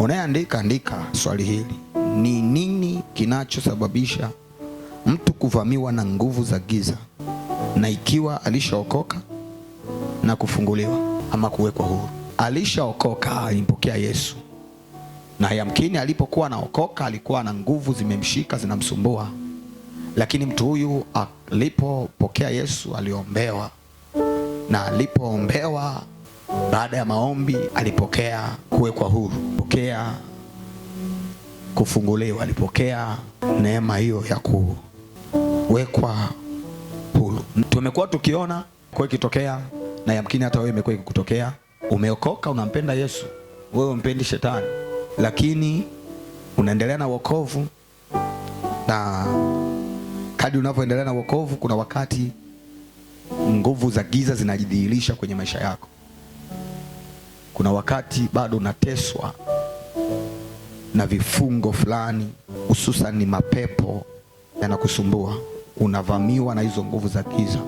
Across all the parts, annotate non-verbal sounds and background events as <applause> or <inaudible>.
Unayeandika andika swali hili, ni nini kinachosababisha mtu kuvamiwa na nguvu za giza na ikiwa alishaokoka na kufunguliwa ama kuwekwa huru? Alishaokoka, alimpokea Yesu na yamkini alipokuwa anaokoka alikuwa na nguvu zimemshika zinamsumbua, lakini mtu huyu alipopokea Yesu aliombewa, na alipoombewa, baada ya maombi alipokea kuwekwa huru alipokea kufunguliwa, alipokea neema hiyo ya kuwekwa huru. Tumekuwa tukiona kwa ikitokea, na yamkini hata wewe imekuwa ikikutokea. Umeokoka, unampenda Yesu, wewe umpendi shetani, lakini unaendelea na wokovu, na kadri unavyoendelea na wokovu, kuna wakati nguvu za giza zinajidhihirisha kwenye maisha yako. Kuna wakati bado unateswa na vifungo fulani, hususan ni mapepo yanakusumbua, unavamiwa na hizo nguvu za giza,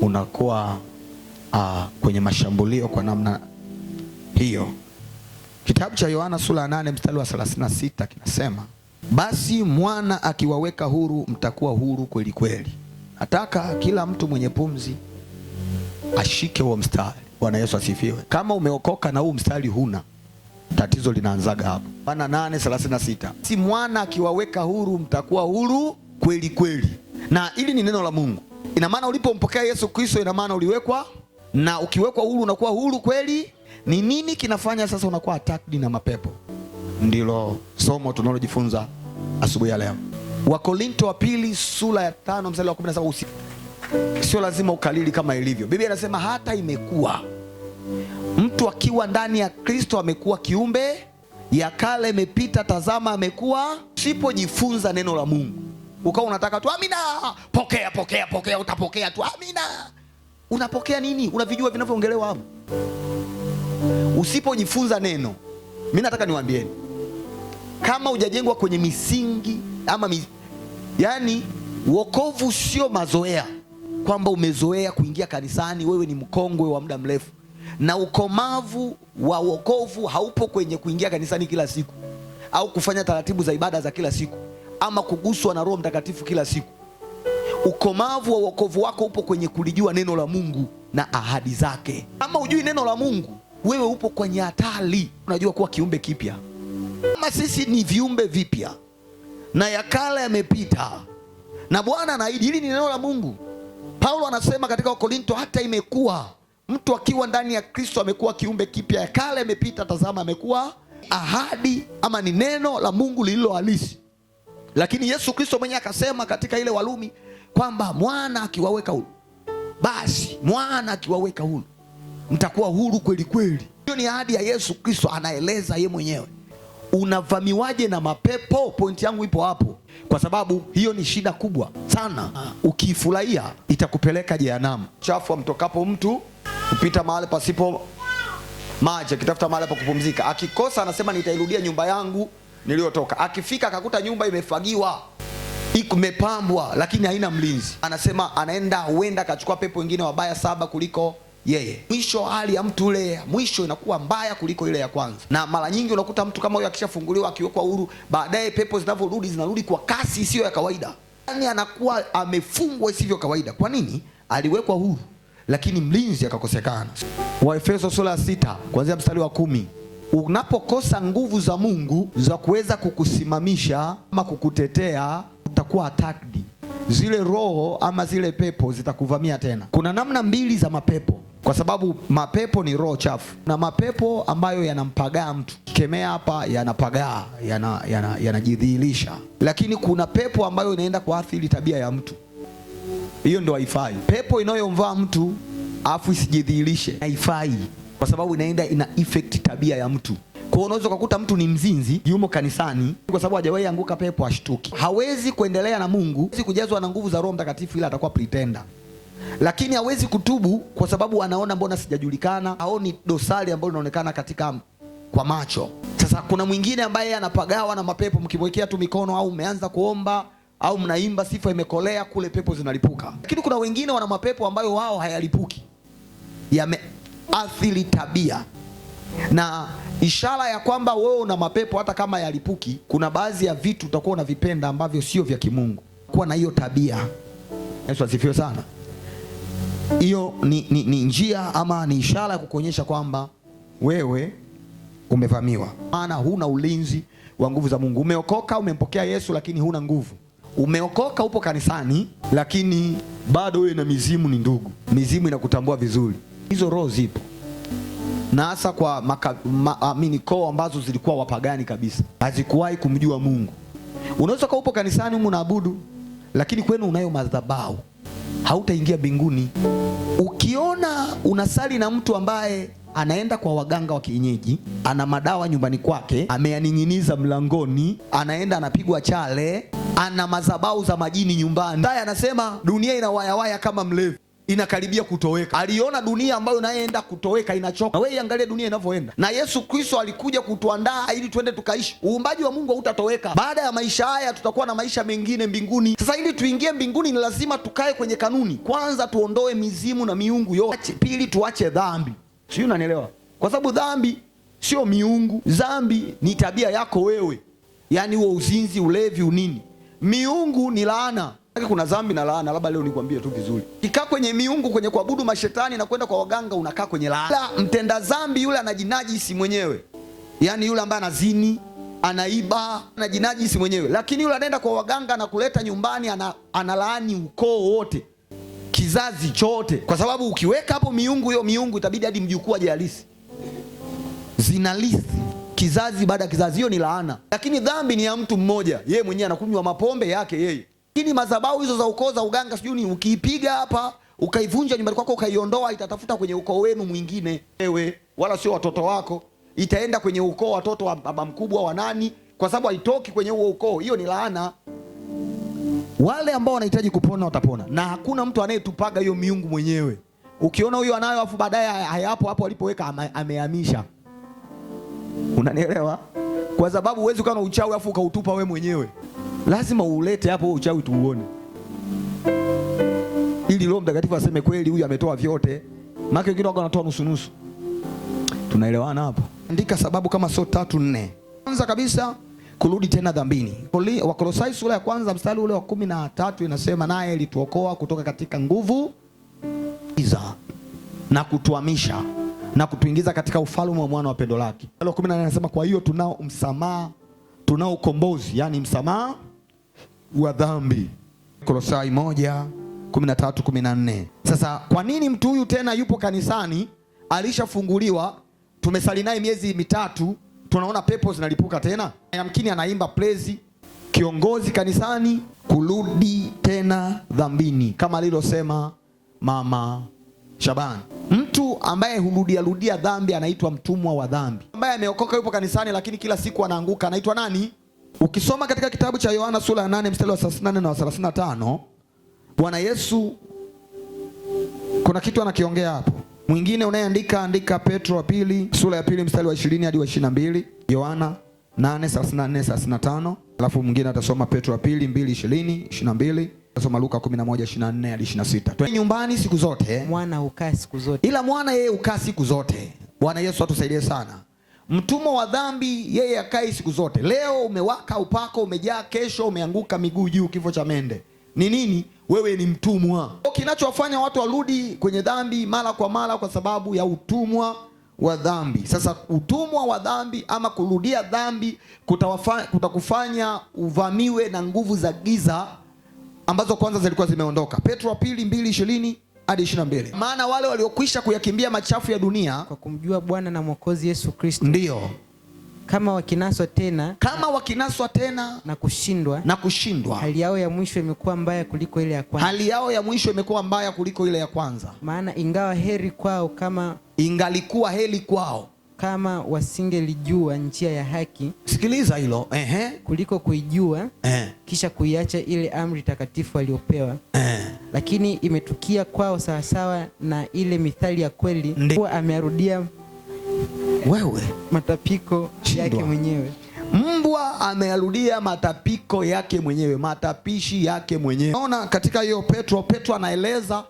unakuwa uh, kwenye mashambulio kwa namna hiyo. Kitabu cha Yohana sura ya 8 mstari wa 36 kinasema, basi mwana akiwaweka huru mtakuwa huru kweli kweli. Nataka kila mtu mwenye pumzi ashike huo mstari. Bwana Yesu asifiwe. Kama umeokoka na huu mstari huna Tatizo linaanzaga hapo. Yohana sita si mwana akiwaweka huru mtakuwa huru kweli kweli, na ili ni neno la Mungu. Ina maana ulipompokea Yesu Kristo, ina maana uliwekwa, na ukiwekwa huru unakuwa huru kweli. Ni nini kinafanya sasa unakuwa attacked na mapepo? Ndilo somo tunalojifunza asubuhi ya leo. Wakorinto wa pili sura ya tano mstari wa 17, sio lazima ukalili kama ilivyo Biblia. Inasema hata imekuwa mtu akiwa ndani ya Kristo amekuwa kiumbe, ya kale imepita, tazama amekuwa. Usipojifunza neno la Mungu ukawa unataka tu amina, pokea pokea pokea, utapokea tu amina. Unapokea nini? Unavijua vinavyoongelewa hapo? Usipojifunza neno, mimi nataka niwaambieni, kama hujajengwa kwenye misingi ama mi... yani wokovu sio mazoea, kwamba umezoea kuingia kanisani, wewe ni mkongwe wa muda mrefu na ukomavu wa wokovu haupo kwenye kuingia kanisani kila siku au kufanya taratibu za ibada za kila siku ama kuguswa na Roho Mtakatifu kila siku. Ukomavu wa wokovu wako upo kwenye kulijua neno la Mungu na ahadi zake. Kama ujui neno la Mungu, wewe upo kwenye hatari. Unajua kuwa kiumbe kipya, kama sisi ni viumbe vipya na ya kale yamepita, na Bwana anaahidi hili ni neno la Mungu. Paulo anasema katika Wakorinto, hata imekuwa Mtu akiwa ndani ya Kristo amekuwa kiumbe kipya, ya kale amepita, tazama amekuwa. Ahadi ama ni neno la Mungu lililo halisi, lakini Yesu Kristo mwenyewe akasema katika ile Walumi kwamba mwana akiwaweka huru, basi mwana akiwaweka huru mtakuwa huru kweli kweli. Hiyo ni ahadi ya Yesu Kristo, anaeleza ye mwenyewe. Unavamiwaje na mapepo? Pointi yangu ipo hapo, kwa sababu hiyo ni shida kubwa sana. Ukiifurahia itakupeleka jehanamu. Chafu amtokapo mtu kupita mahali pasipo maji, akitafuta mahali pa kupumzika. Akikosa anasema nitairudia nyumba yangu niliyotoka. Akifika akakuta nyumba imefagiwa imepambwa, lakini haina mlinzi, anasema anaenda, huenda akachukua pepo wengine wabaya saba kuliko yeye. Mwisho hali ya mtu ule ya mwisho inakuwa mbaya kuliko ile ya kwanza, na mara nyingi unakuta mtu kama huyo akishafunguliwa, akiwekwa huru, baadaye pepo zinavyorudi zinarudi kwa kasi isiyo ya kawaida, yaani anakuwa amefungwa isivyo kawaida. Kwa nini? Aliwekwa huru lakini mlinzi akakosekana. Waefeso sura ya sita kuanzia mstari wa kumi. Unapokosa nguvu za Mungu za kuweza kukusimamisha ama kukutetea, utakuwa attacked. Zile roho ama zile pepo zitakuvamia tena. Kuna namna mbili za mapepo, kwa sababu mapepo ni roho chafu, na mapepo ambayo yanampagaa mtu kemea hapa, yanapagaa yanajidhihirisha yana, yana, lakini kuna pepo ambayo inaenda kuathiri tabia ya mtu hiyo ndo haifai. Pepo inayomvaa mtu afu isijidhihirishe haifai, kwa sababu inaenda ina effect tabia ya mtu. Kwa hiyo unaweza ukakuta mtu ni mzinzi, yumo kanisani, kwa sababu hajawahi anguka pepo, ashtuki hawezi kuendelea na Mungu, hawezi kujazwa na nguvu za Roho Mtakatifu, ila atakuwa pretender lakini hawezi kutubu kwa sababu anaona mbona sijajulikana, haoni dosari ambayo inaonekana katika kwa macho. Sasa kuna mwingine ambaye anapagawa na mapepo, mkimwekea tu mikono au umeanza kuomba au mnaimba sifa imekolea kule, pepo zinalipuka. Lakini kuna wengine wana mapepo ambayo wao hayalipuki, yameathiri tabia na ishara ya kwamba wewe una mapepo hata kama yalipuki. Kuna baadhi ya vitu utakuwa unavipenda ambavyo sio vya kimungu, kuwa na hiyo tabia. Yesu asifiwe sana. Hiyo ni, ni, ni njia ama ni ishara ya kukuonyesha kwamba wewe umevamiwa, maana huna ulinzi wa nguvu za Mungu. Umeokoka, umempokea Yesu, lakini huna nguvu umeokoka, upo kanisani, lakini bado wewe na mizimu ni ndugu. Mizimu inakutambua vizuri, hizo roho zipo na hasa kwa maamini ah, koo ambazo zilikuwa wapagani kabisa, hazikuwahi kumjua Mungu. Unaweza kuwa upo kanisani humu naabudu, lakini kwenu unayo madhabahu, hautaingia mbinguni. Ukiona unasali na mtu ambaye anaenda kwa waganga wa kienyeji, ana madawa nyumbani kwake, ameyaning'iniza mlangoni, anaenda anapigwa chale ana madhabahu za majini nyumbani. Naye anasema dunia ina wayawaya kama mlevi inakaribia kutoweka. Aliona dunia ambayo inaenda kutoweka inachoka. Na wewe iangalie dunia inavyoenda, na Yesu Kristo alikuja kutuandaa ili tuende tukaishi. Uumbaji wa Mungu hautatoweka. Baada ya maisha haya, tutakuwa na maisha mengine mbinguni. Sasa ili tuingie mbinguni, ni lazima tukae kwenye kanuni. Kwanza tuondoe mizimu na miungu yote, pili tuache dhambi. Sijui unanielewa? Kwa sababu dhambi sio miungu, dhambi ni tabia yako wewe, yaani huo uzinzi, ulevi, unini miungu ni laana. Kuna dhambi na laana, labda leo nikwambie tu vizuri. Kikaa kwenye miungu, kwenye kuabudu mashetani na kwenda kwa waganga, unakaa kwenye laana. Mtenda dhambi yule anajinajisi mwenyewe, yaani yule ambaye anazini, anaiba, anajinajisi mwenyewe, lakini yule anaenda kwa waganga na kuleta nyumbani, ana, analaani ukoo wote, kizazi chote, kwa sababu ukiweka hapo miungu, hiyo miungu itabidi hadi mjukuu aje zinalisi kizazi baada ya kizazi. Hiyo ni laana, lakini dhambi ni ya mtu mmoja, yeye mwenyewe anakunywa mapombe yake yeye. Lakini madhabahu hizo za ukoo za uganga, sijui ni ukiipiga hapa ukaivunja nyumbani kwako ukaiondoa, itatafuta kwenye ukoo wenu mwingine, wewe wala sio watoto wako, itaenda kwenye ukoo watoto wa baba mkubwa wa nani, kwa sababu haitoki kwenye huo ukoo. Hiyo ni laana. Wale ambao wanahitaji kupona watapona, na hakuna mtu anayetupaga hiyo miungu mwenyewe. Ukiona huyo anayo afu baadaye hayapo hapo alipoweka, amehamisha. Unanielewa? Kwa sababu huwezi ukawa na uchawi afu ukautupa we mwenyewe, lazima uulete hapo uchawi tuuone, ili Roho Mtakatifu aseme kweli, huyu ametoa vyote. Maana wengine wako wanatoa nusu nusu. Tunaelewana hapo? Andika sababu kama sio tatu nne. Kwanza kabisa kurudi tena dhambini. Wakolosai sura ya kwanza mstari ule wa kumi na tatu inasema naye alituokoa kutoka katika nguvu za na kutuhamisha na kutuingiza katika ufalme wa mwana wa pendo lake. Alo 14 anasema kwa hiyo tunao msamaha, tunao ukombozi, yani msamaha wa dhambi. Kolosai 1:13 14. Sasa kwa nini mtu huyu tena yupo kanisani, alishafunguliwa, tumesali naye miezi mitatu, tunaona pepo zinalipuka tena? Yamkini anaimba praise kiongozi kanisani, kurudi tena dhambini kama alilosema mama Shaban. mtu ambaye hurudia rudia dhambi anaitwa mtumwa wa dhambi. Ambaye ameokoka yupo kanisani, lakini kila siku anaanguka anaitwa nani? Ukisoma katika kitabu cha Yohana sura ya 8 mstari wa 38 na 35, Bwana Yesu kuna kitu anakiongea hapo. Mwingine unayeandika andika Petro wa pili sura ya pili mstari wa 20 hadi wa 22, Yohana 8:34 35, alafu mwingine atasoma Petro wa pili 2:20 22 Soma Luka 11:24 hadi 26. Nyumbani siku zote, mwana ukaa siku zote, ila mwana yeye ukaa siku zote. Bwana Yesu atusaidie sana. Mtumwa wa dhambi yeye akai siku zote. Leo umewaka upako, umejaa, kesho umeanguka miguu juu, kifo cha mende. Ni nini? Wewe ni mtumwa. Kinachowafanya watu warudi kwenye dhambi mara kwa mara kwa sababu ya utumwa wa dhambi. Sasa utumwa wa dhambi ama kurudia dhambi kutakufanya kutakufanya uvamiwe na nguvu za giza ambazo kwanza zilikuwa zimeondoka. Petro wa pili mbili ishirini hadi ishirini na mbili. Maana wale waliokwisha kuyakimbia machafu ya dunia kwa kumjua Bwana na Mwokozi Yesu Kristo, ndiyo kama wakinaswa tena kama wakinaswa tena na kushindwa na kushindwa, hali yao ya mwisho imekuwa mbaya kuliko ile ya kwanza. Hali yao ya mwisho imekuwa mbaya kuliko ile ya kwanza. Maana ingawa heri kwao kama ingalikuwa heri kwao kama wasingelijua njia ya haki, sikiliza hilo ehe, kuliko kuijua ehe, kisha kuiacha ile amri takatifu aliyopewa eh. Lakini imetukia kwao sawasawa na ile mithali ya kweli, kuwa amearudia wewe matapiko Chindwa yake mwenyewe. Mbwa amearudia matapiko yake mwenyewe, matapishi yake mwenyewe. Naona katika hiyo Petro, Petro anaeleza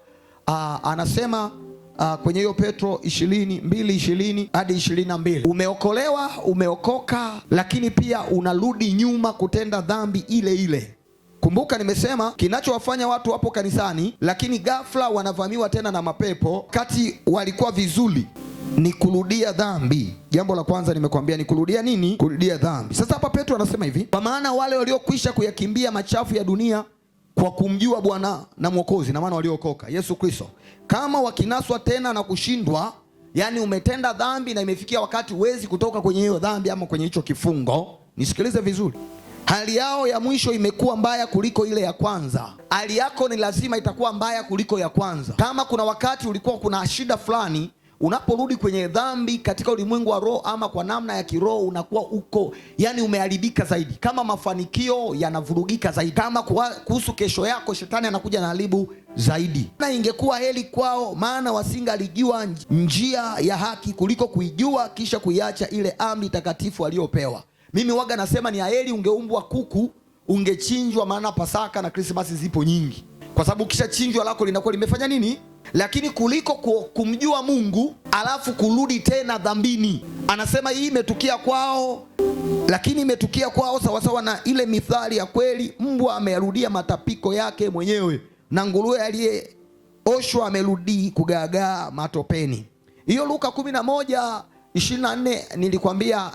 ah, anasema uh, kwenye hiyo Petro ishirini mbili 20 hadi 22, umeokolewa umeokoka, lakini pia unarudi nyuma kutenda dhambi ile ile. Kumbuka nimesema kinachowafanya watu wapo kanisani, lakini ghafla wanavamiwa tena na mapepo, kati walikuwa vizuri ni kurudia dhambi. Jambo la kwanza nimekwambia ni kurudia nini? Kurudia dhambi. Sasa hapa Petro anasema hivi, kwa maana wale waliokwisha kuyakimbia machafu ya dunia kwa kumjua Bwana na Mwokozi na maana waliokoka Yesu Kristo, kama wakinaswa tena na kushindwa, yani umetenda dhambi na imefikia wakati huwezi kutoka kwenye hiyo dhambi ama kwenye hicho kifungo, nisikilize vizuri, hali yao ya mwisho imekuwa mbaya kuliko ile ya kwanza. Hali yako ni lazima itakuwa mbaya kuliko ya kwanza. Kama kuna wakati ulikuwa kuna shida fulani Unaporudi kwenye dhambi katika ulimwengu wa roho ama kwa namna ya kiroho, unakuwa uko yani umeharibika zaidi, kama mafanikio yanavurugika zaidi, kama kuhusu kesho yako, shetani anakuja na haribu zaidi. Na ingekuwa heli kwao, maana wasingalijua njia ya haki kuliko kuijua kisha kuiacha ile amri takatifu aliyopewa Mimi waga nasema ni aheli ungeumbwa kuku ungechinjwa, maana Pasaka na Krismasi zipo nyingi, kwa sababu chinjwa lako linakuwa limefanya nini? lakini kuliko kumjua Mungu alafu kurudi tena dhambini. Anasema hii imetukia kwao, lakini imetukia kwao sawasawa na ile mithali ya kweli, mbwa amerudia matapiko yake mwenyewe na nguruwe aliyeoshwa amerudi kugaagaa matopeni. Hiyo Luka 11 24 nilikwambia,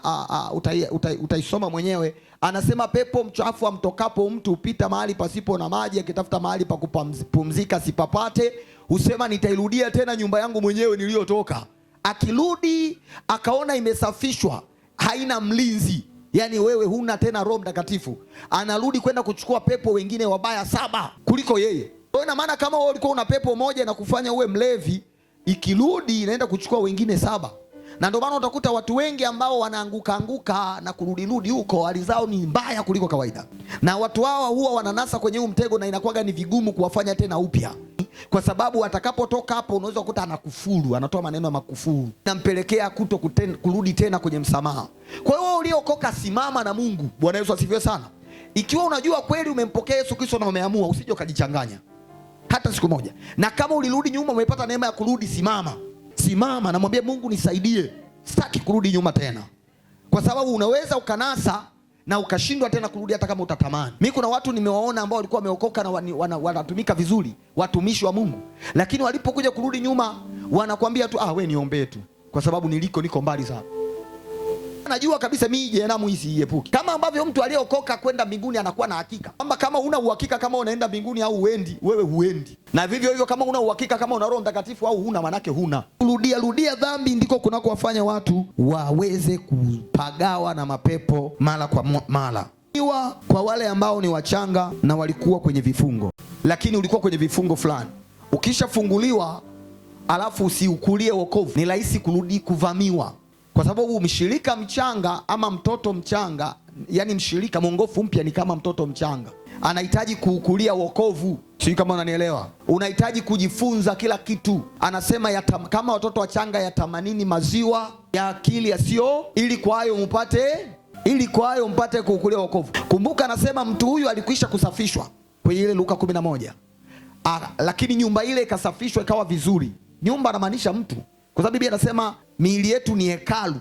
utaisoma utai, utai mwenyewe. Anasema pepo mchafu amtokapo mtu hupita mahali pasipo na maji akitafuta mahali pa kupumzika sipapate husema nitairudia tena nyumba yangu mwenyewe niliyotoka. Akirudi akaona imesafishwa, haina mlinzi, yaani wewe huna tena Roho Mtakatifu, anarudi kwenda kuchukua pepo wengine wabaya saba kuliko yeye. Ina maana kama wewe ulikuwa una pepo moja na kufanya uwe mlevi, ikirudi inaenda kuchukua wengine saba na ndio maana utakuta watu wengi ambao wanaanguka anguka na kurudirudi huko, hali zao ni mbaya kuliko kawaida, na watu hawa huwa wananasa kwenye huu mtego, na inakuwaga ni vigumu kuwafanya tena upya kwa sababu atakapotoka hapo unaweza kukuta anakufuru, anatoa maneno ya makufuru, nampelekea kuto kuten, kurudi tena kwenye msamaha. Kwa hiyo uliokoka, simama na Mungu. Bwana Yesu asifiwe sana. Ikiwa unajua kweli umempokea Yesu Kristo na umeamua, usije ukajichanganya hata siku moja, na kama ulirudi nyuma, umepata neema ya kurudi, simama, simama, namwambia Mungu, nisaidie, sitaki kurudi nyuma tena, kwa sababu unaweza ukanasa na ukashindwa tena kurudi hata kama utatamani. Mimi kuna watu nimewaona ambao walikuwa wameokoka na wanatumika vizuri, watumishi wa Mungu, lakini walipokuja kurudi nyuma wanakuambia tu ah, we niombee tu, kwa sababu niliko niko mbali sana najua kabisa mimi jehanamu hii siiepuki. Kama ambavyo mtu aliyeokoka kwenda mbinguni anakuwa na hakika kwamba kama una uhakika kama unaenda mbinguni au uendi, wewe huendi. Na vivyo hivyo kama una uhakika kama una Roho Mtakatifu au huna, manake huna. Rudia rudia dhambi ndiko kunakowafanya watu waweze kupagawa na mapepo mara kwa mara iwa kwa wale ambao ni wachanga na walikuwa kwenye vifungo, lakini ulikuwa kwenye vifungo fulani, ukishafunguliwa alafu usiukulie wokovu, ni rahisi kurudi kuvamiwa kwa sababu mshirika mchanga ama mtoto mchanga, yani mshirika mwongofu mpya ni kama mtoto mchanga, anahitaji kuukulia wokovu. Sijui kama unanielewa, unahitaji kujifunza kila kitu. Anasema yatam, kama watoto wachanga yatamanini maziwa ya akili yasiyo, ili kwa hayo mpate ili kwa hayo mpate kuukulia wokovu. Kumbuka anasema mtu huyu alikwisha kusafishwa kwenye ile Luka 11. Ah, lakini nyumba ile ikasafishwa ikawa vizuri. Nyumba anamaanisha mtu kwa sababu Biblia inasema miili yetu ni hekalu,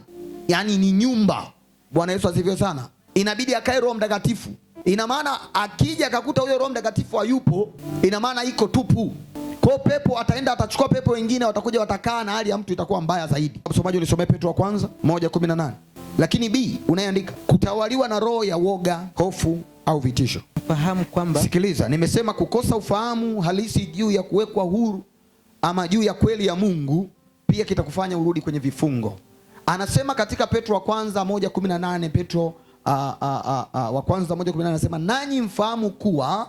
yaani ni nyumba. Bwana Yesu asifiwe sana. Inabidi akae Roho Mtakatifu. Ina maana akija akakuta huyo Roho Mtakatifu hayupo, ina maana iko tupu. Kwa pepo ataenda atachukua pepo wengine, watakuja watakaa, na hali ya mtu itakuwa mbaya zaidi. Msomaji ulisomea Petro wa kwanza moja 1:18. Lakini B unayeandika kutawaliwa na roho ya woga, hofu au vitisho. Fahamu kwamba sikiliza, nimesema kukosa ufahamu halisi juu ya kuwekwa huru ama juu ya kweli ya Mungu pia kitakufanya urudi kwenye vifungo. Anasema katika Petro wa kwanza moja nane Petro a, a, a, a, wa kwanza moja nane anasema nanyi mfahamu kuwa,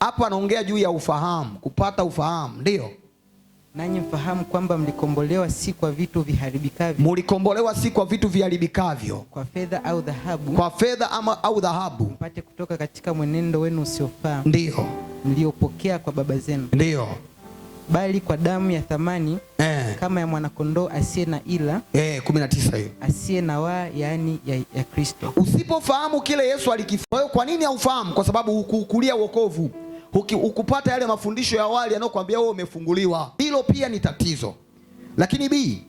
hapa anaongea juu ya ufahamu, kupata ufahamu, ndio nanyi mfahamu kwamba mlikombolewa si kwa vitu viharibikavyo, mlikombolewa si kwa vitu viharibikavyo, kwa fedha au dhahabu, kwa fedha ama au dhahabu, mpate kutoka katika mwenendo wenu usiofaa, ndio mliopokea kwa baba zenu, ndio bali kwa damu ya thamani eh, kama ya mwanakondoo asiye na ila eh, 19 hiyo asiye na waa, yaani ya, ya Kristo. Usipofahamu kile Yesu alikifanya, kwa nini haufahamu? Kwa sababu hukukulia wokovu, hukupata yale mafundisho ya awali yanayokuambia wewe umefunguliwa. Hilo pia ni tatizo. Lakini bi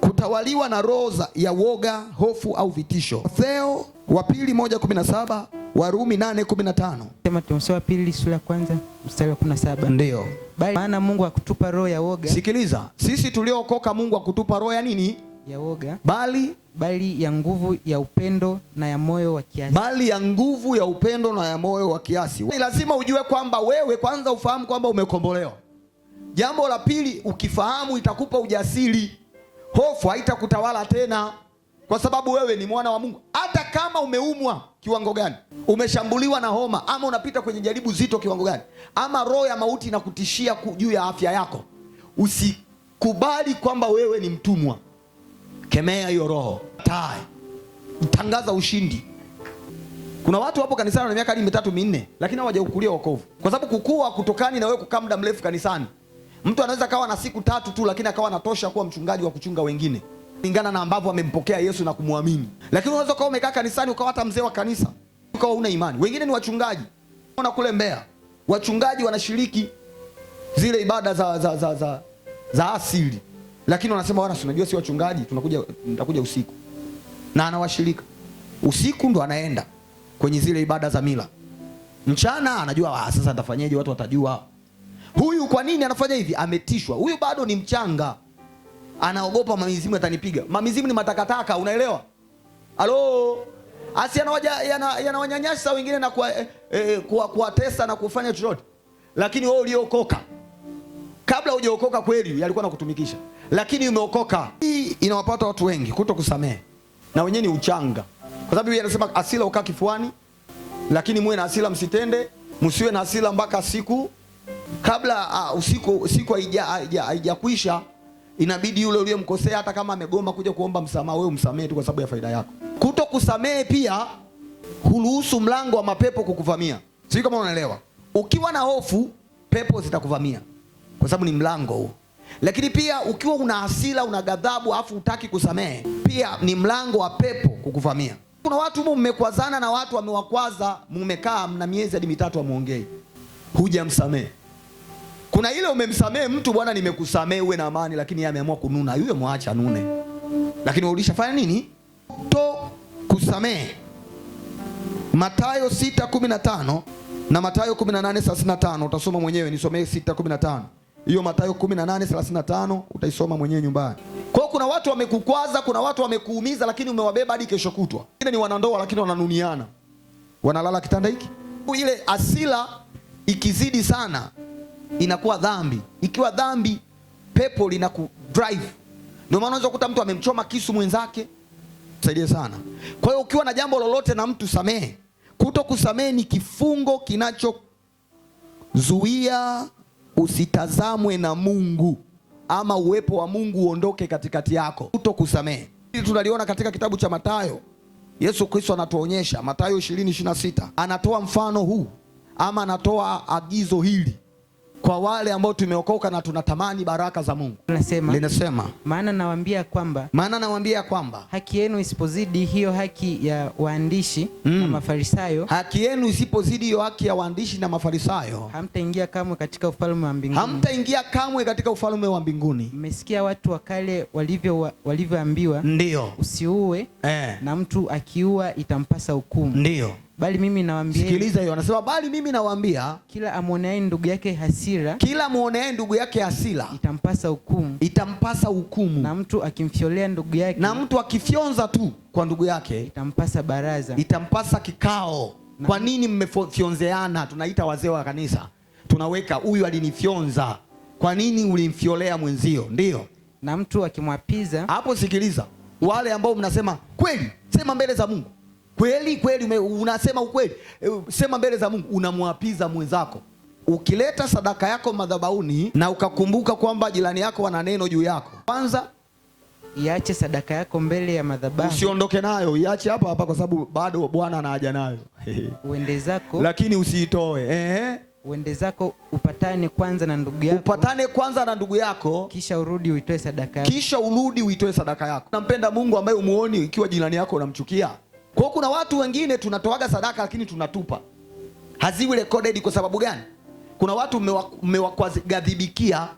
kutawaliwa na roho ya woga, hofu au vitisho. Theo wa pili 1:17, Warumi 8:15. Sema Timotheo wa pili sura ya kwanza mstari wa 17. Ndio. Bali maana Mungu akutupa roho ya woga. Sikiliza, sisi tuliookoka Mungu akutupa roho ya nini? Ya woga. Bali bali ya nguvu ya upendo na ya moyo wa kiasi. Bali ya nguvu ya upendo na ya moyo wa kiasi. Ni lazima ujue kwamba wewe kwanza ufahamu kwamba umekombolewa. Jambo la pili, ukifahamu itakupa ujasiri. Hofu haitakutawala tena, kwa sababu wewe ni mwana wa Mungu. Hata kama umeumwa kiwango gani, umeshambuliwa na homa, ama unapita kwenye jaribu zito kiwango gani, ama roho ya mauti inakutishia juu ya afya yako, usikubali kwamba wewe ni mtumwa. Kemea hiyo roho, tai, tangaza ushindi. Kuna watu wapo kanisani na miaka hadi mitatu minne, lakini hawajaukulia wokovu, kwa sababu kukua kutokani na wewe kukaa muda mrefu kanisani. Mtu anaweza kawa na siku tatu tu, lakini akawa anatosha kuwa mchungaji wa kuchunga wengine kulingana na ambavyo amempokea Yesu na kumwamini. Lakini unaweza ukawa umekaa kanisani ukawa hata mzee wa kanisa ukawa una imani. Wengine ni wachungaji, unaona kule Mbeya wachungaji wanashiriki zile ibada za za, za, za, za asili, lakini wanasema wana unajua, si wachungaji, tunakuja tutakuja usiku, na anawashirika usiku, ndo anaenda kwenye zile ibada za mila. Mchana anajua ah, sasa atafanyaje, watu watajua huyu kwa nini anafanya hivi, ametishwa huyu, bado ni mchanga anaogopa mamizimu atanipiga. Mamizimu ni matakataka, unaelewa? Halo, asi yanawanyanyasa yana wengine na kuwatesa eh, eh, kuwa, kuwa na kufanya chochote, lakini wewe uliokoka kabla hujaokoka kweli yalikuwa na kutumikisha, lakini umeokoka. Hii inawapata watu wengi kuto kusamehe, na wenyewe ni uchanga, kwa sababu Biblia inasema asila ukaa kifuani, lakini muwe na asila msitende, msiwe na asila mpaka siku kabla uh, usiku siku haijakuisha inabidi yule uliyemkosea hata kama amegoma kuja kuomba msamaha, wewe umsamehe tu kwa sababu ya faida yako. Kuto kusamehe pia huruhusu mlango wa mapepo kukuvamia, sio kama unaelewa. Ukiwa na hofu, pepo zitakuvamia kwa sababu ni mlango huo. Lakini pia ukiwa una hasira, una ghadhabu, afu utaki kusamehe, pia ni mlango wa pepo kukuvamia. Kuna watu humu mmekwazana na watu wamewakwaza, mumekaa mna miezi hadi mitatu hamuongei, hujamsamehe kuna ile umemsamehe mtu, bwana, nimekusamehe uwe na amani, lakini yeye ameamua kununa, yule mwacha nune, lakini ulishafanya nini? To kusamehe. Mathayo 6:15 na Mathayo 18:35 utasoma mwenyewe, nisomee 6:15. Hiyo Mathayo 18:35 utaisoma mwenyewe nyumbani. Kwa hiyo kuna watu wamekukwaza, kuna watu wamekuumiza, lakini umewabeba hadi kesho kutwa. Ile ni wanandoa, lakini wananuniana, wanalala kitanda hiki. Ile asila ikizidi sana inakuwa dhambi. Ikiwa dhambi, pepo linaku drive. Ndio maana unaweza kukuta mtu amemchoma kisu mwenzake, saidie sana. Kwa hiyo ukiwa na jambo lolote na mtu samehe. Kuto kusamehe ni kifungo kinachozuia usitazamwe na Mungu ama uwepo wa Mungu uondoke katikati yako. Kuto kusamehe hili tunaliona katika kitabu cha Mathayo. Yesu Kristo anatuonyesha Mathayo 20:26 anatoa mfano huu ama anatoa agizo hili kwa wale ambao tumeokoka na tunatamani baraka za Mungu. linasema, linasema maana nawaambia kwamba maana nawaambia kwamba haki yenu isipozidi hiyo haki ya waandishi mm, na Mafarisayo, haki yenu isipozidi hiyo haki ya waandishi na Mafarisayo, hamtaingia kamwe katika ufalme wa mbinguni, hamtaingia kamwe katika ufalme wa mbinguni. Mmesikia watu wa kale walivyo walivyoambiwa, ndio usiue eh, na mtu akiua itampasa hukumu. Ndio Bali mimi nawaambia. Sikiliza hiyo. Anasema bali mimi nawaambia kila amuoneaye ndugu yake hasira, kila amuoneaye ndugu yake hasira itampasa hukumu. Itampasa hukumu. Na mtu akimfyolea ndugu yake, na mtu akifyonza tu kwa ndugu yake itampasa baraza. Itampasa kikao. Na kwa nini mmefyonzeana? Tunaita wazee wa kanisa. Tunaweka huyu alinifyonza. Kwa nini ulimfyolea mwenzio? Ndio. Na mtu akimwapiza hapo, sikiliza. Wale ambao mnasema kweli, sema mbele za Mungu kweli kweli, ume, unasema ukweli, eh, sema mbele za Mungu, unamwapiza mwenzako. Ukileta sadaka yako madhabahuni na ukakumbuka kwamba jirani yako wana neno juu yako, kwanza iache sadaka yako mbele ya madhabahu, usiondoke nayo, iache hapa hapa, kwa sababu bado Bwana anaja nayo <laughs> uende zako, lakini usiitoe eh. Uende zako upatane kwanza na ndugu yako, upatane kwanza na ndugu yako, kisha urudi uitoe sadaka yako, kisha urudi uitoe sadaka yako. Nampenda Mungu ambaye umuoni ikiwa jirani yako unamchukia. Kwa kuna watu wengine tunatoaga sadaka lakini tunatupa, haziwi recorded. Kwa sababu gani? Kuna watu mmewagadhibikia,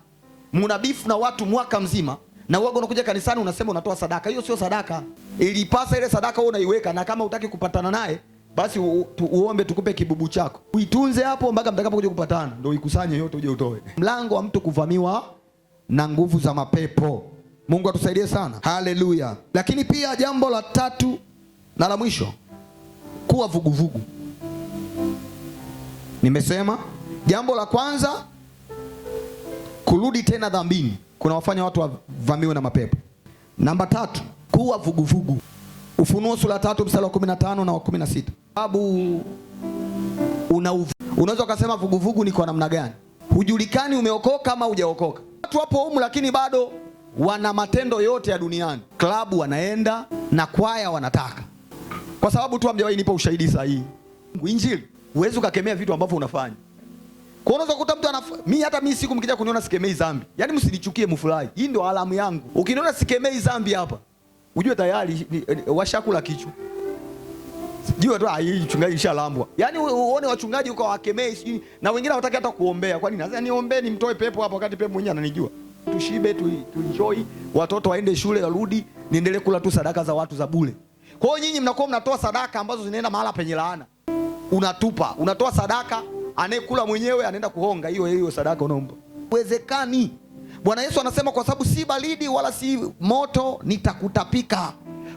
mnabifu na watu mwaka mzima, na wewe unakuja kanisani unasema unatoa sadaka. Hiyo sio sadaka, ilipasa ile sadaka wewe unaiweka, na kama utaki kupatana naye basi uombe tukupe kibubu chako uitunze hapo mpaka mtakapokuja kupatana, ndio ikusanye yote uje utoe. Mlango wa mtu kuvamiwa na nguvu za mapepo. Mungu atusaidie sana, haleluya. Lakini pia jambo la tatu na la mwisho, kuwa vuguvugu vugu. Nimesema jambo la kwanza, kurudi tena dhambini kunawafanya watu wavamiwe na mapepo. Namba tatu, kuwa vuguvugu vugu. Ufunuo sura tatu mstari wa 15 na wa 16. Sababu una unaweza ukasema vuguvugu ni kwa namna gani? Hujulikani umeokoka ama hujaokoka. Watu wapo humu lakini bado wana matendo yote ya duniani. Klabu wanaenda na kwaya wanataka kwa sababu tu hamjawahi nipa ushahidi sahihi. Injili huwezi ukakemea vitu ambavyo unafanya. Kwa unaweza kukuta mtu anaf... mimi hata mimi siku mkija kuniona sikemei dhambi. Yaani msinichukie mfurahi. Hii ndio alamu yangu. Ukiniona sikemei dhambi hapa, ujue tayari eh, eh, washakula kichwa. Jua tu ah, hii mchungaji ishalambwa. Yaani uone wachungaji uko wakemei na wengine hawataki hata kuombea. Kwani nini? Sasa niombee nimtoe pepo hapo, wakati pepo mwenyewe ananijua. Tushibe tu, tu enjoy, watoto waende shule warudi, niendelee kula tu sadaka za watu za bure. Kwa hiyo nyinyi mnakuwa mnatoa sadaka ambazo zinaenda mahala penye laana, unatupa. Unatoa sadaka, anayekula mwenyewe anaenda kuhonga hiyo hiyo sadaka unaomba. Uwezekani. Bwana Yesu anasema kwa sababu si baridi wala si moto nitakutapika.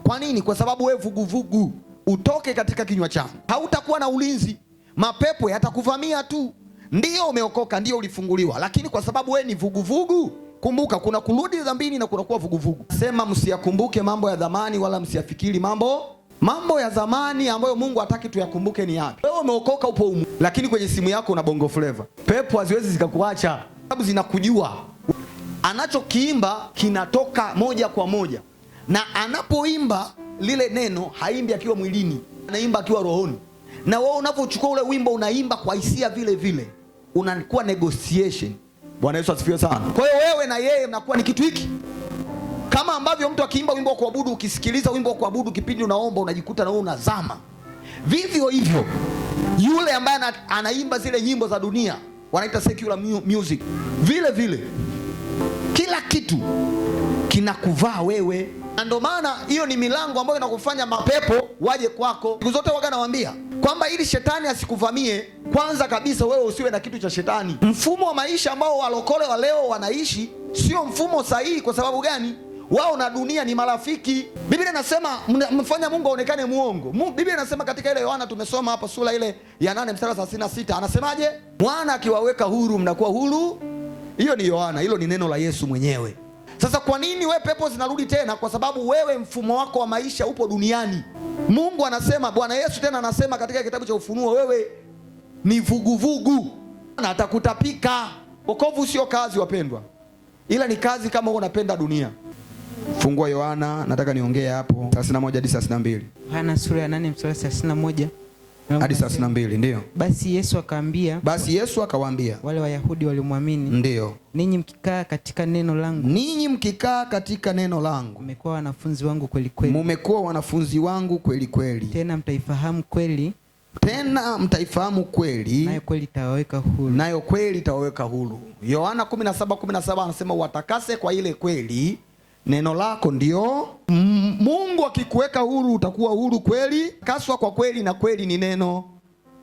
Kwa nini? Kwa sababu wewe vuguvugu utoke katika kinywa changu. Hautakuwa na ulinzi, mapepo yatakuvamia tu. Ndiyo umeokoka, ndiyo ulifunguliwa, lakini kwa sababu wewe ni vuguvugu vugu, Kumbuka kuna kurudi dhambini na kunakuwa vuguvugu. Sema msiyakumbuke mambo ya zamani wala msiyafikiri mambo mambo ya zamani ambayo Mungu hataki tuyakumbuke ni yapi? Wewe umeokoka upo umu, lakini kwenye simu yako una bongo flava. Pepo haziwezi zikakuacha, sababu zinakujua. Anachokiimba kinatoka moja kwa moja, na anapoimba lile neno haimbi akiwa mwilini, anaimba akiwa rohoni. Na wewe unapochukua ule wimbo unaimba kwa hisia vile vile, unakuwa negotiation Bwana Yesu asifiwe sana. Kwa hiyo wewe na yeye mnakuwa ni kitu hiki, kama ambavyo mtu akiimba wimbo wa kuabudu, ukisikiliza wimbo wa kuabudu kipindi unaomba, unajikuta na wewe unazama vivyo hivyo. Yule ambaye anaimba zile nyimbo za dunia wanaita secular music, vile vile kila kitu kinakuvaa wewe, na ndio maana hiyo ni milango ambayo inakufanya mapepo waje kwako. Siku zote waga nawaambia kwamba ili shetani asikuvamie, kwanza kabisa wewe usiwe na kitu cha shetani. Mfumo wa maisha ambao walokole wa leo wanaishi sio mfumo sahihi. Kwa sababu gani? Wao na dunia ni marafiki. Biblia inasema mfanya Mungu aonekane muongo. Biblia inasema katika ile Yohana tumesoma hapo sura ile ya 8 mstari wa 36 anasemaje? Mwana akiwaweka huru mnakuwa huru. Hiyo ni Yohana, hilo ni neno la Yesu mwenyewe. Sasa kwa nini we pepo zinarudi tena? Kwa sababu wewe mfumo wako wa maisha upo duniani. Mungu anasema, Bwana Yesu tena anasema katika kitabu cha Ufunuo, wewe ni vuguvugu na atakutapika. Wokovu sio kazi wapendwa, ila ni kazi kama unapenda dunia. Fungua Yohana, nataka niongee hapo 31 hadi 32. Yohana sura ya 8 mstari 31 hadi thelathini na mbili ndio. Basi Yesu akaambia, basi Yesu akawaambia wale Wayahudi waliomwamini, ndio, ninyi mkikaa katika neno langu, ninyi mkikaa katika neno langu, mmekuwa wanafunzi wangu kweli kweli, mmekuwa wanafunzi wangu kweli kweli, tena mtaifahamu kweli tena mtaifahamu kweli, nayo kweli itawaweka huru, nayo kweli itawaweka huru. Yohana 17:17 anasema watakase kwa ile kweli neno lako ndio Mungu. Akikuweka huru utakuwa huru kweli, kaswa kwa kweli, na kweli ni neno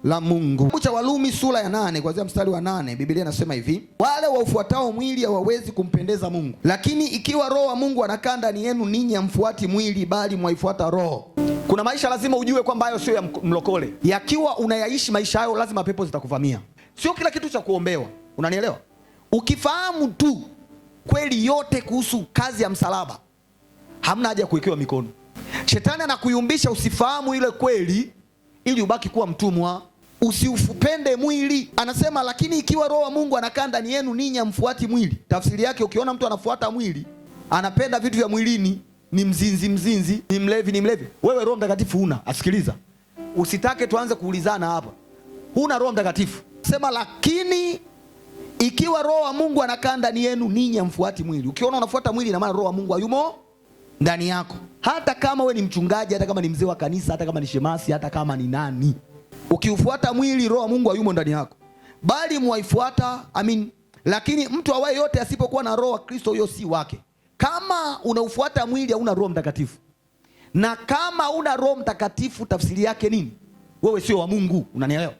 la Mungu. Kitabu cha Warumi sura ya nane kuanzia mstari wa nane Biblia inasema hivi, wale waufuatao mwili hawawezi kumpendeza Mungu, lakini ikiwa Roho wa Mungu anakaa ndani yenu, ninyi hamfuati mwili, bali mwaifuata Roho. Kuna maisha lazima ujue kwamba hayo sio ya mlokole. Yakiwa unayaishi maisha hayo, lazima pepo zitakuvamia. Sio kila kitu cha kuombewa, unanielewa? Ukifahamu tu kweli yote kuhusu kazi ya msalaba, hamna haja ya kuwekewa mikono. Shetani anakuyumbisha usifahamu ile kweli, ili ubaki kuwa mtumwa, usiufupende mwili. Anasema, lakini ikiwa roho wa Mungu anakaa ndani yenu, ninyi amfuati mwili. Tafsiri yake, ukiona mtu anafuata mwili, anapenda vitu vya mwilini, ni mzinzi, mzinzi, ni mlevi, ni mlevi, wewe Roho Mtakatifu una Asikiliza, usitake tuanze kuulizana hapa, huna Roho Mtakatifu. Sema lakini ikiwa roho wa Mungu anakaa ndani yenu, ninyi amfuati mwili. Ukiona unafuata mwili, ina maana roho wa Mungu hayumo ndani yako. Hata kama we ni mchungaji, hata kama ni mzee wa kanisa, hata kama ni shemasi, hata kama ni nani, ukiufuata mwili, roho wa Mungu hayumo ndani yako, bali mwaifuata I mean, Lakini mtu awaye yote asipokuwa na roho wa Kristo, huyo si wake. Kama unaufuata mwili, hauna roho mtakatifu, na kama una roho mtakatifu, tafsiri yake nini? Wewe sio wa Mungu. Unanielewa?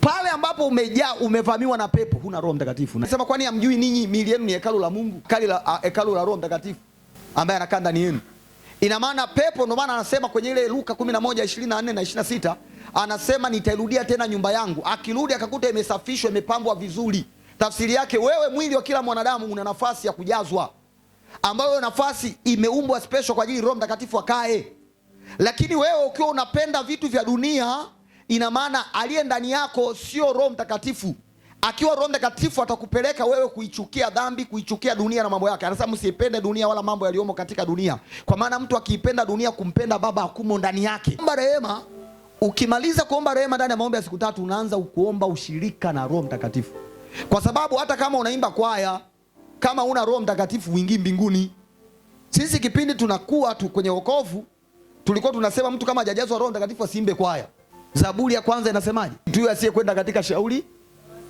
pale ambapo umejaa umevamiwa na pepo, huna Roho Mtakatifu. Nasema kwani hamjui ninyi miili yenu ni hekalu la Mungu, kali la hekalu la Roho Mtakatifu ambaye anakaa ndani yenu. Ina maana pepo, ndio maana anasema kwenye ile Luka 11:24 na 26 anasema nitairudia tena nyumba yangu. Akirudi akakuta imesafishwa, imepambwa vizuri. Tafsiri yake wewe, mwili wa kila mwanadamu una nafasi ya kujazwa, ambayo nafasi imeumbwa special kwa ajili Roho Mtakatifu akae. Lakini wewe ukiwa unapenda vitu vya dunia ina maana aliye ndani yako sio Roho Mtakatifu. Akiwa Roho Mtakatifu atakupeleka wewe kuichukia dhambi, kuichukia dunia na mambo yake. Anasema msiipende dunia wala mambo yaliyomo katika dunia, kwa maana mtu akiipenda dunia, kumpenda Baba akumo ndani yake. Omba rehema. Ukimaliza kuomba rehema ndani ya maombi ya siku tatu, unaanza kuomba ushirika na Roho Mtakatifu, kwa sababu hata kama unaimba kwaya, kama una Roho Mtakatifu uingii mbinguni. Sisi kipindi tunakuwa tu kwenye wokovu, tulikuwa tunasema mtu kama hajajazwa Roho Mtakatifu asiimbe kwaya. Zaburi ya kwanza inasemaje? Mtu huyo asiyekwenda katika shauri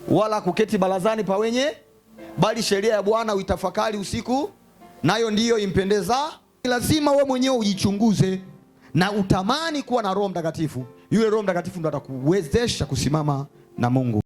wala kuketi barazani pa wenye, bali sheria ya Bwana uitafakari usiku, nayo ndiyo impendeza. Lazima wewe mwenyewe ujichunguze na utamani kuwa na Roho Mtakatifu. Yule Roho Mtakatifu ndo atakuwezesha kusimama na Mungu.